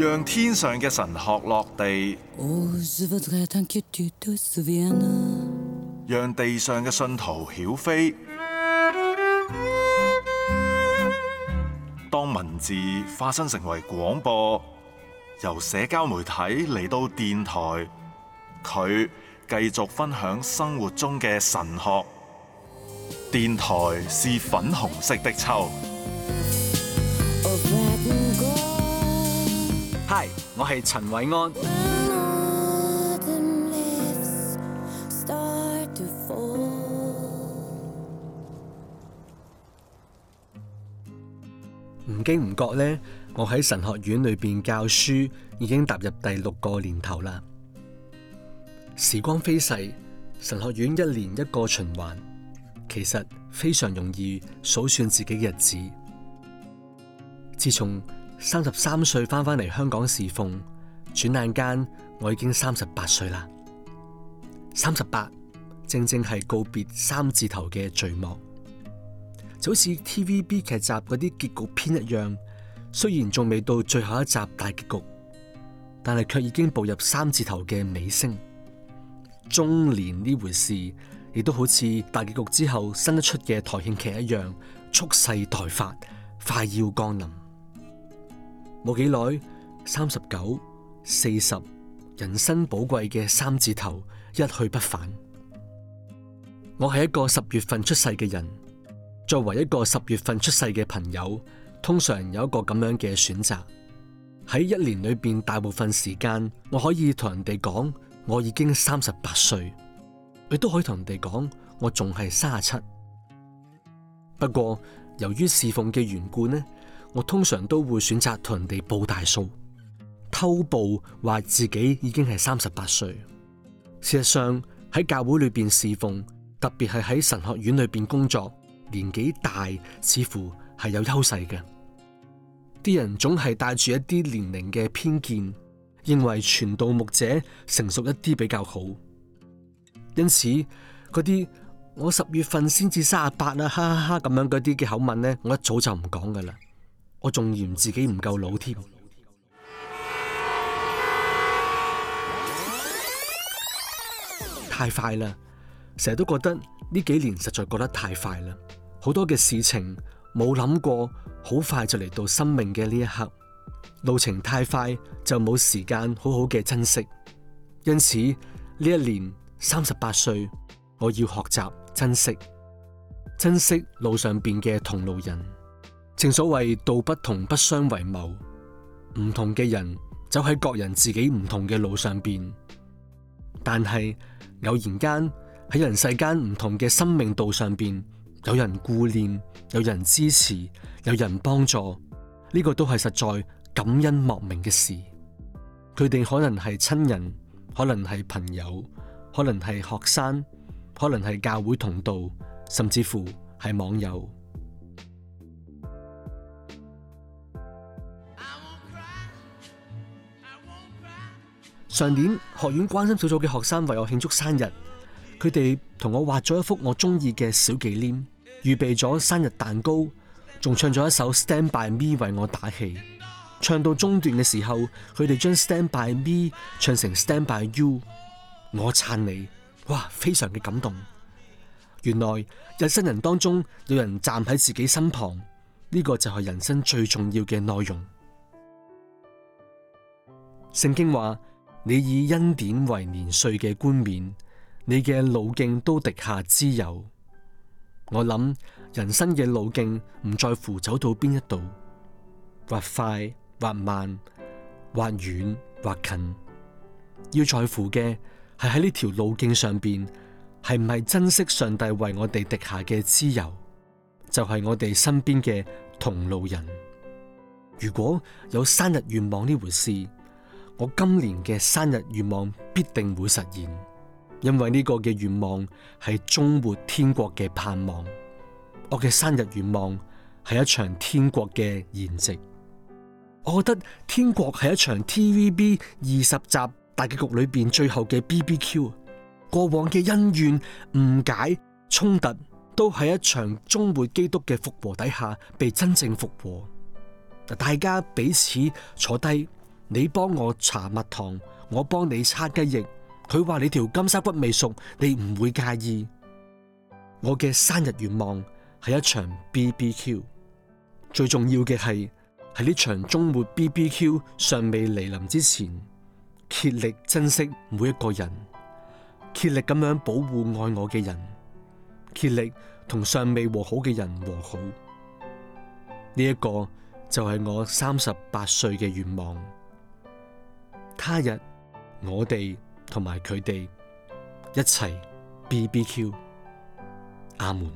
讓天上嘅神學落地，讓地上嘅信徒曉飛。當文字化身成為廣播，由社交媒體嚟到電台，佢繼續分享生活中嘅神學。電台是粉紅色的秋。我係陳偉安，唔經唔覺呢，我喺神學院裏邊教書已經踏入第六個年頭啦。時光飛逝，神學院一年一個循環，其實非常容易數算自己嘅日子。自從三十三歲翻返嚟香港侍奉，轉眼間我已經三十八歲啦。三十八，正正係告別三字頭嘅序幕，就好似 TVB 劇集嗰啲結局篇一樣。雖然仲未到最後一集大結局，但係卻已經步入三字頭嘅尾聲。中年呢回事，亦都好似大結局之後新一出嘅台慶劇一樣，蓄勢待發，快要降臨。冇幾耐，三十九、四十，人生寶貴嘅三字頭一去不返。我係一個十月份出世嘅人，作為一個十月份出世嘅朋友，通常有一個咁樣嘅選擇，喺一年裏邊，大部分時間我可以同人哋講我已經三十八歲，亦都可以同人哋講我仲係三十七。不過由於侍奉嘅緣故呢，我通常都會選擇同人哋報大數偷步，話自己已經係三十八歲。事實上喺教會裏邊侍奉，特別係喺神學院裏邊工作，年紀大似乎係有優勢嘅。啲人總係帶住一啲年齡嘅偏見，認為傳道牧者成熟一啲比較好。因此嗰啲我十月份先至三十八啦，哈哈哈咁樣嗰啲嘅口吻呢，我一早就唔講噶啦。我仲嫌自己唔夠老添，太快啦！成日都覺得呢幾年實在過得太快啦，好多嘅事情冇諗過，好快就嚟到生命嘅呢一刻，路程太快就冇時間好好嘅珍惜。因此呢一年三十八歲，我要學習珍惜，珍惜路上邊嘅同路人。正所謂道不同不相為謀，唔同嘅人走喺各人自己唔同嘅路上邊，但係偶然間喺人世間唔同嘅生命道上邊，有人顧念，有人支持，有人幫助，呢個都係實在感恩莫名嘅事。佢哋可能係親人，可能係朋友，可能係學生，可能係教會同道，甚至乎係網友。上年學院關心小組嘅學生為我慶祝生日，佢哋同我畫咗一幅我中意嘅小紀念，預備咗生日蛋糕，仲唱咗一首《Stand by Me》為我打氣。唱到中段嘅時候，佢哋將《Stand by Me》唱成《Stand by You》，我撐你，哇，非常嘅感動。原來日新人當中有人站喺自己身旁，呢、這個就係人生最重要嘅內容。聖經話。你以恩典為年歲嘅冠冕，你嘅路徑都滴下脂油。我諗人生嘅路徑唔在乎走到邊一度，或快或慢，或遠或近，要在乎嘅係喺呢條路徑上邊，係唔係珍惜上帝為我哋滴下嘅脂油，就係我哋身邊嘅同路人。如果有生日願望呢回事，我今年嘅生日願望必定會實現，因為呢個嘅願望係終末天國嘅盼望。我嘅生日願望係一場天國嘅筵席。我覺得天國係一場 T V B 二十集大結局裏邊最後嘅 B B Q。過往嘅恩怨、誤解、衝突，都喺一場終末基督嘅復和底下被真正復活。大家彼此坐低。你幫我搽蜜糖，我幫你擦雞翼。佢話你條金沙骨未熟，你唔會介意。我嘅生日願望係一場 B B Q，最重要嘅係喺呢場終末 B B Q 尚未嚟臨之前，竭力珍惜每一個人，竭力咁樣保護愛我嘅人，竭力同尚未和好嘅人和好。呢、這、一個就係我三十八歲嘅願望。他日我哋同埋佢哋一齊 BBQ。阿門。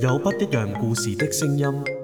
有不一樣故事的聲音。